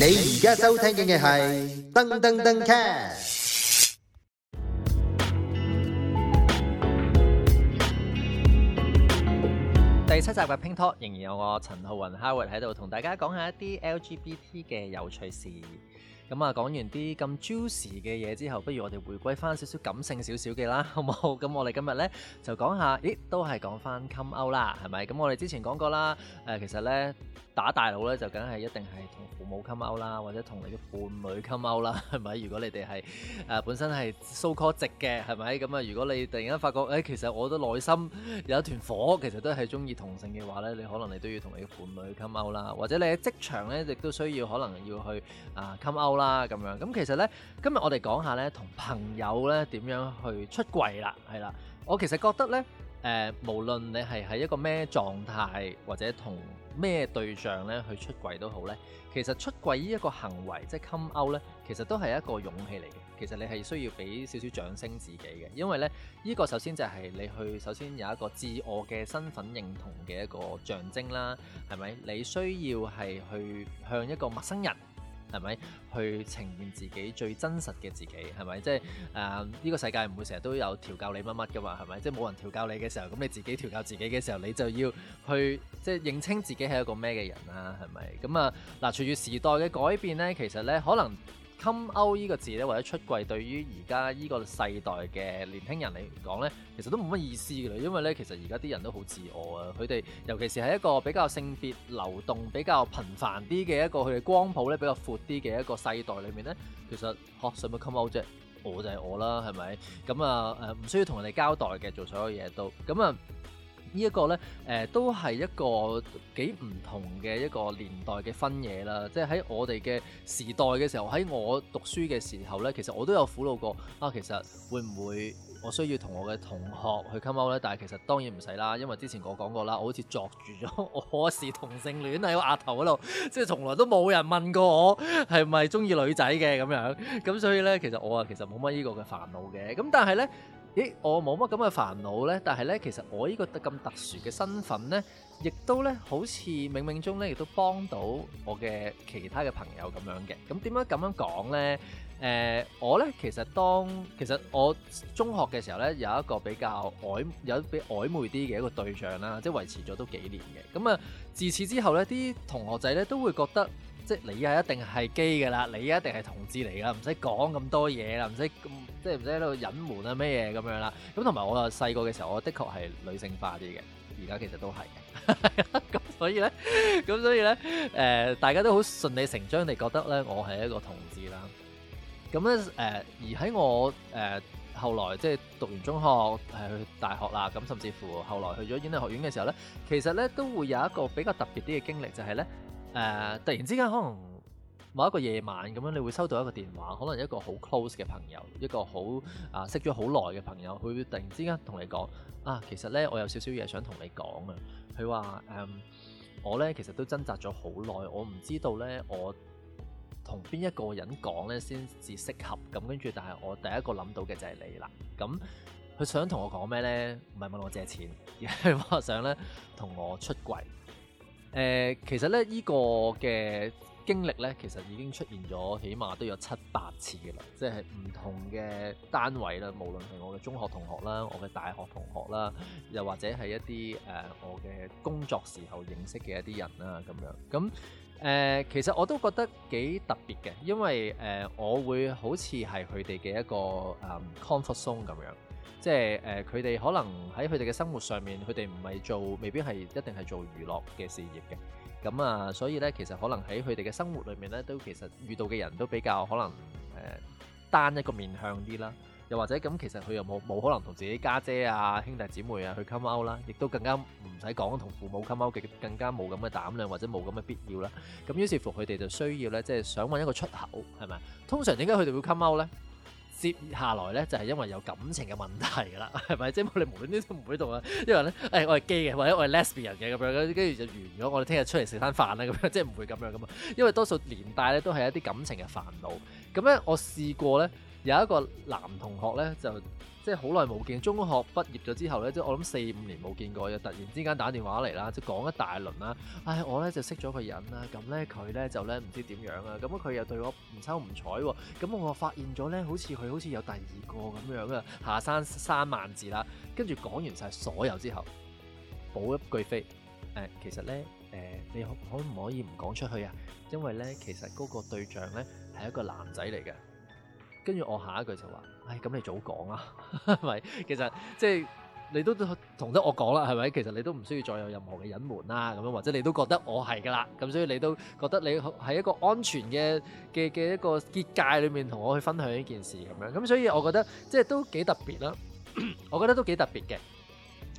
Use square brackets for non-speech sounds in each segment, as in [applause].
你而家收聽嘅係《噔噔噔 cast》第七集嘅 Pink Talk，仍然有我陳浩雲 Howard 喺度同大家講下一啲 LGBT 嘅有趣事。咁啊，講完啲咁 juicy 嘅嘢之後，不如我哋回歸翻少少感性少少嘅啦，好唔好？咁我哋今日咧就講下，咦，都係講翻 come out 啦，係咪？咁我哋之前講過啦，誒，其實咧打大佬咧就梗係一定係同父母 come out 啦，或者同你嘅伴侶 come out 啦，係咪？如果你哋係誒本身係 so called 直嘅，係咪？咁啊，如果你突然間發覺誒，其實我都內心有一團火，其實都係中意同性嘅話咧，你可能你都要同你嘅伴侶 come out 啦，或者你喺職場咧亦都需要可能要去啊 come out。啦咁樣，咁其實呢，今日我哋講下呢，同朋友呢點樣去出櫃啦，係啦。我其實覺得呢，誒、呃，無論你係喺一個咩狀態或者同咩對象呢去出櫃都好呢，其實出櫃呢一個行為即係 come out 呢，其實都係一個勇氣嚟嘅。其實你係需要俾少少掌聲自己嘅，因為呢，呢、呢個首先就係你去首先有一個自我嘅身份認同嘅一個象徵啦，係咪？你需要係去向一個陌生人。係咪去呈現自己最真實嘅自己？係咪即係誒，呢個世界唔會成日都有調教你乜乜嘅嘛？係咪？即係冇人調教你嘅時候，咁你自己調教自己嘅時候，你就要去即係認清自己係一個咩嘅人啦，係咪？咁啊嗱，隨住時代嘅改變咧，其實咧可能。come out 呢個字咧，或者出櫃對於而家呢個世代嘅年輕人嚟講咧，其實都冇乜意思嘅啦。因為咧，其實而家啲人都好自我啊。佢哋尤其是喺一個比較性別流動比較頻繁啲嘅一個佢哋光譜咧比較闊啲嘅一個世代裏面咧，其實使乜 come out 啫，我就係我啦，係咪？咁啊誒，唔需要同人哋交代嘅，做所有嘢都咁啊。呢一個呢，誒、呃、都係一個幾唔同嘅一個年代嘅分野啦。即係喺我哋嘅時代嘅時候，喺我讀書嘅時候呢，其實我都有苦惱過啊。其實會唔會我需要同我嘅同學去 couple 呢？但係其實當然唔使啦，因為之前我講過啦，我好似作住咗，我是同性戀喺我額頭嗰度，即係從來都冇人問過我係咪中意女仔嘅咁樣。咁所以呢，其實我啊，其實冇乜呢個嘅煩惱嘅。咁但係呢。誒、欸，我冇乜咁嘅煩惱呢。但係呢，其實我呢個咁特殊嘅身份呢，亦都呢好似冥冥中呢，亦都幫到我嘅其他嘅朋友咁樣嘅。咁點樣咁樣講呢？誒、呃，我呢，其實當其實我中學嘅時候呢，有一個比較曖有啲比較曖昧啲嘅一個對象啦，即係維持咗都幾年嘅。咁、嗯、啊，自此之後呢，啲同學仔呢，都會覺得。即係你啊，一定係基㗎啦，你一定係同志嚟噶，唔使講咁多嘢啦，唔使咁即係唔使喺度隱瞞啊咩嘢咁樣啦。咁同埋我啊細個嘅時候，我的確係女性化啲嘅，而家其實都係嘅，咁 [laughs] [laughs] 所以咧，咁所以咧，誒、呃、大家都好順理成章地覺得咧，我係一個同志啦。咁咧誒，而喺我誒、呃、後來即係讀完中學係去、呃、大學啦，咁甚至乎後來去咗演藝學院嘅時候咧，其實咧都會有一個比較特別啲嘅經歷，就係、是、咧。誒、呃，突然之間，可能某一個夜晚咁樣，你會收到一個電話，可能一個好 close 嘅朋友，一個好啊、呃、識咗好耐嘅朋友，佢會突然之間同你講啊，其實呢，我有少少嘢想同你講啊。佢話誒，我呢，其實都掙扎咗好耐，我唔知道呢，我同邊一個人講呢先至適合咁。跟住，但係我第一個諗到嘅就係你啦。咁佢想同我講咩呢？唔係問我借錢，而係話想呢，同我出櫃。誒、呃，其實咧呢個嘅經歷呢，其實已經出現咗，起碼都有七八次嘅啦，即係唔同嘅單位啦，無論係我嘅中學同學啦，我嘅大學同學啦，又或者係一啲誒、呃、我嘅工作時候認識嘅一啲人啦，咁樣，咁、呃、誒，其實我都覺得幾特別嘅，因為誒、呃，我會好似係佢哋嘅一個誒、嗯、comfort zone 咁樣。即係誒，佢、呃、哋可能喺佢哋嘅生活上面，佢哋唔係做，未必係一定係做娛樂嘅事業嘅。咁啊，所以咧，其實可能喺佢哋嘅生活裏面咧，都其實遇到嘅人都比較可能誒、呃、單一個面向啲啦。又或者咁，其實佢又冇冇可能同自己家姐，姐啊、兄弟姊妹啊去溝溝啦，亦都更加唔使講同父母溝溝嘅，更加冇咁嘅膽量或者冇咁嘅必要啦。咁於是乎，佢哋就需要咧，即係想揾一個出口，係咪？通常點解佢哋會溝溝咧？接下來咧就係、是、因為有感情嘅問題啦，係咪？即、就、係、是、我哋無論呢都唔會讀啊，因為咧誒、哎、我係 gay 嘅，或者我係 lesbian 嘅咁樣，跟住就完咗。我哋聽日出嚟食餐飯啦，咁樣即係唔會咁樣咁嘛。因為多數年代咧都係一啲感情嘅煩惱。咁咧我試過咧。有一個男同學咧，就即係好耐冇見，中學畢業咗之後咧，即係我諗四五年冇見過，就突然之間打電話嚟啦，就係講一大輪啦。唉，我咧就識咗個人啦，咁咧佢咧就咧唔知點樣啦，咁佢又對我唔瞅唔睬喎，咁我發現咗咧，好似佢好似有第二個咁樣啊。下刪三萬字啦，跟住講完晒所有之後，補一句飛，誒、呃，其實咧，誒、呃，你可唔可以唔講出去啊？因為咧，其實嗰個對象咧係一個男仔嚟嘅。跟住我下一句就話：唉、哎，咁你早講啦，係咪？其實即係你都同得我講啦，係咪？其實你都唔需要再有任何嘅隱瞞啦，咁樣或者你都覺得我係㗎啦，咁所以你都覺得你喺一個安全嘅嘅嘅一個結界裏面同我去分享呢件事咁樣。咁所以我覺得即係都幾特別啦。我覺得都幾特別嘅，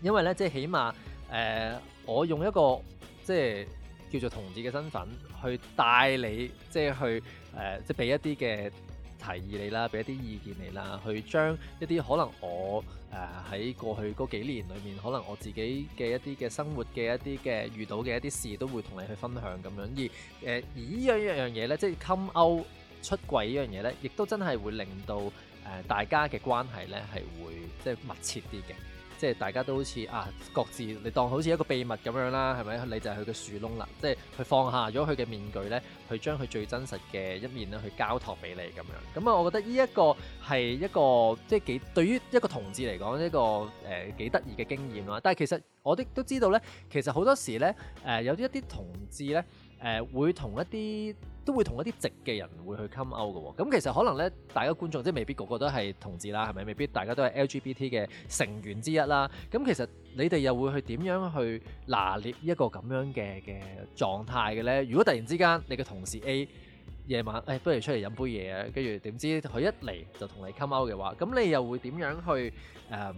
因為咧，即係起碼誒、呃，我用一個、呃、用一個即係叫做同志嘅身份去帶你，即係去誒、呃，即係俾一啲嘅。提議你啦，俾一啲意見你啦，去將一啲可能我誒喺過去嗰幾年裏面，可能我自己嘅一啲嘅生活嘅一啲嘅遇到嘅一啲事，都會同你去分享咁樣。而誒而呢樣一樣嘢呢，即係 come out 出櫃呢樣嘢呢，亦都真係會令到誒、呃、大家嘅關係呢係會即係密切啲嘅。即係大家都好似啊，各自你當好似一個秘密咁樣啦，係咪？你就係佢嘅樹窿啦。即係佢放下咗佢嘅面具咧，佢將佢最真實嘅一面咧，去交託俾你咁樣。咁、嗯、啊，我覺得呢一個係一個即係幾對於一個同志嚟講一個誒、呃、幾得意嘅經驗啦。但係其實我哋都知道咧，其實好多時咧誒、呃、有啲一啲同志咧誒、呃、會同一啲。都會同一啲直嘅人會去 come out 嘅喎，咁其實可能咧，大家觀眾即係未必個個都係同志啦，係咪？未必大家都係 LGBT 嘅成員之一啦。咁、嗯、其實你哋又會去點樣去拿捏一個咁樣嘅嘅狀態嘅咧？如果突然之間你嘅同事 A，夜晚，誒，不如出嚟飲杯嘢啊！跟住點知佢一嚟就同你溝溝嘅話，咁你又會點樣去誒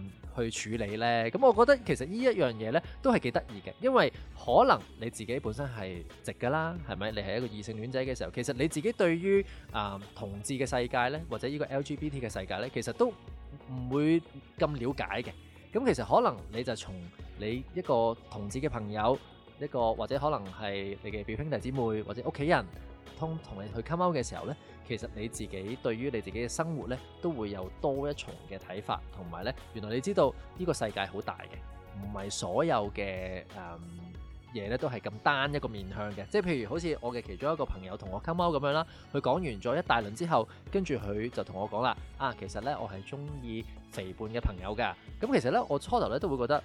去處理呢？咁我覺得其實呢一樣嘢呢，都係幾得意嘅，因為可能你自己本身係直㗎啦，係咪？你係一個異性戀仔嘅時候，其實你自己對於啊同志嘅世界呢，或者呢個 LGBT 嘅世界呢，其實都唔會咁了解嘅。咁其實可能你就從你一個同志嘅朋友，一個或者可能係你嘅表兄弟姊妹或者屋企人。同你去溝嘅時候呢，其實你自己對於你自己嘅生活呢，都會有多一重嘅睇法，同埋呢，原來你知道呢個世界好大嘅，唔係所有嘅誒嘢呢都係咁單一個面向嘅，即係譬如好似我嘅其中一個朋友同我溝溝咁樣啦，佢講完咗一大輪之後，跟住佢就同我講啦，啊，其實呢，我係鍾意肥胖嘅朋友㗎，咁其實呢，我初頭呢都會覺得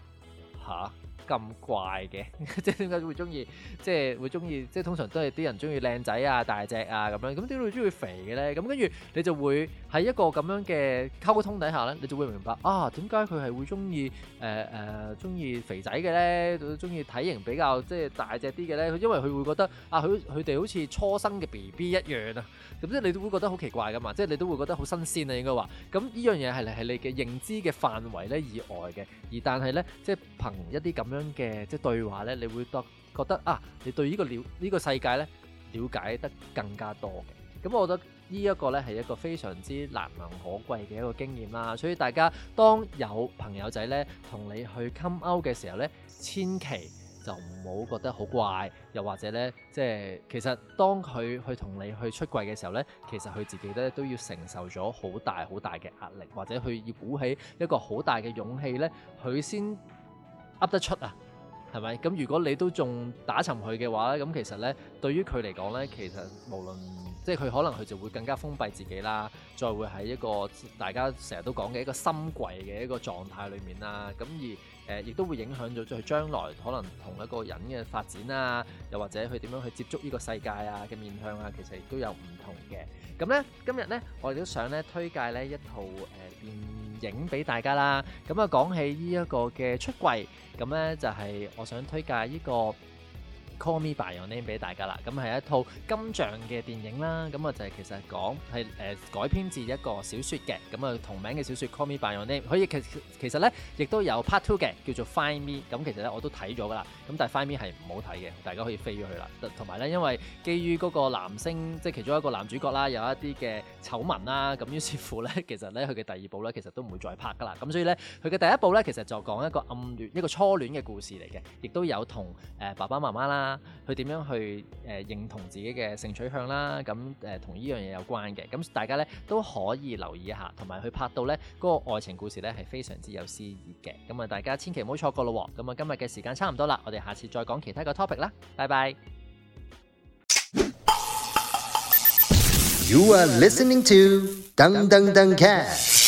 吓！」咁怪嘅，即係點解會中意？即係會中意，即係通常都係啲人中意靚仔啊、大隻啊咁樣，咁點解會中意肥嘅咧？咁跟住你就會喺一個咁樣嘅溝通底下咧，你就會明白啊，點解佢係會中意誒誒中意肥仔嘅咧？中意體型比較即係大隻啲嘅咧？因為佢會覺得啊，佢佢哋好似初生嘅 B B 一樣啊。咁即係你都會覺得好奇怪噶嘛？即係你都會覺得好新鮮啊，應該話，咁呢樣嘢係係你嘅認知嘅範圍咧以外嘅，而但係咧，即係憑一啲咁樣。嘅即係對話咧，你會得覺得啊，你對呢個了呢、這個世界咧了解得更加多嘅。咁我覺得呢一個咧係一個非常之難能可貴嘅一個經驗啦。所以大家當有朋友仔咧同你去 come out 嘅時候咧，千祈就唔好覺得好怪，又或者咧即係其實當佢去同你去出櫃嘅時候咧，其實佢自己咧都要承受咗好大好大嘅壓力，或者佢要鼓起一個好大嘅勇氣咧，佢先。噏得出啊，係咪？咁如果你都仲打沉佢嘅話咧，咁其實咧對於佢嚟講咧，其實無論即係佢可能佢就會更加封閉自己啦，再會喺一個大家成日都講嘅一個深櫃嘅一個狀態裡面啦。咁而誒亦、呃、都會影響咗佢將來可能同一個人嘅發展啊，又或者佢點樣去接觸呢個世界啊嘅面向啊，其實亦都有唔同嘅。咁咧今日咧我哋都想咧推介咧一套誒變。呃變影俾大家啦，咁啊講起呢一個嘅出櫃，咁、嗯、咧就係、係、我想推介呢、呢個。Call Me By Your Name 俾大家啦，咁係一套金像嘅電影啦，咁啊就係其實講係誒改編自一個小說嘅，咁、嗯、啊同名嘅小說 Call Me By Your Name，可以其其實咧亦都有 Part Two 嘅，叫做 Find Me，咁其實咧我都睇咗㗎啦，咁但係 Find Me 係唔好睇嘅，大家可以飛咗去啦。同埋咧，因為基於嗰個男星即係其中一個男主角啦，有一啲嘅醜聞啦，咁於是乎咧，其實咧佢嘅第二部咧其實都唔會再拍㗎啦，咁所以咧佢嘅第一部咧其實就講一個暗戀一個初戀嘅故事嚟嘅，亦都有同誒爸爸媽媽啦。去點樣去誒認同自己嘅性取向啦？咁誒同呢樣嘢有關嘅，咁大家咧都可以留意一下，同埋去拍到咧嗰個愛情故事咧係非常之有詩意嘅。咁啊，大家千祈唔好錯過咯。咁啊，今日嘅時間差唔多啦，我哋下次再講其他嘅 topic 啦。拜拜。You are listening to Dang Dang Dang Cat。